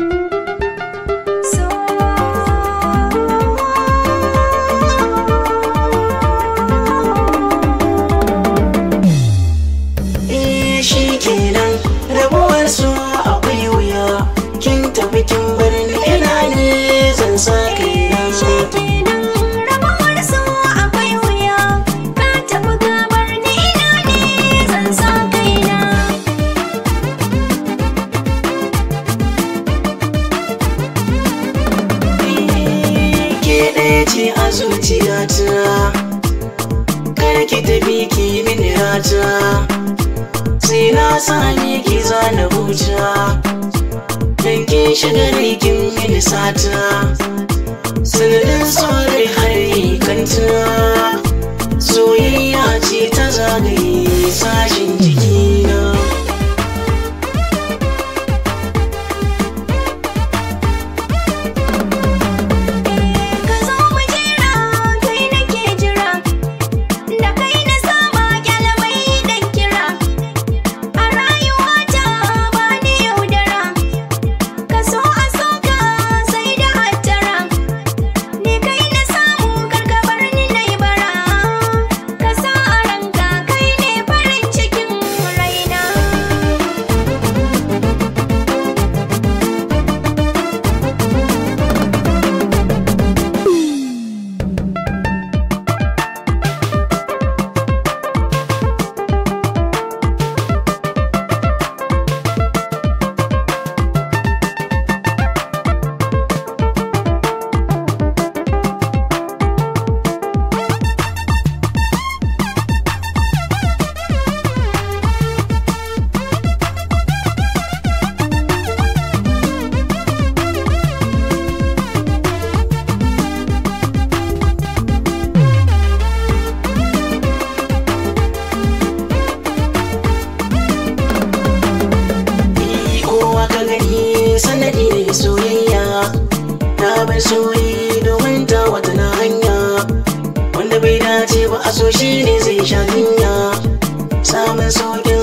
Thank you. ke ɗaya ce a zuciyata kar ki tafi ki mini rata sai na sami ki zana huta dan ki shiga rikin mini sata sanadin sore har yi kanta soyayya ce ta zagaye sashin jiki gari sanadiyar soyayya na bar soyi domin ta wata na hanya wanda bai dace ba a so shi ne zai sha dunya samun sokin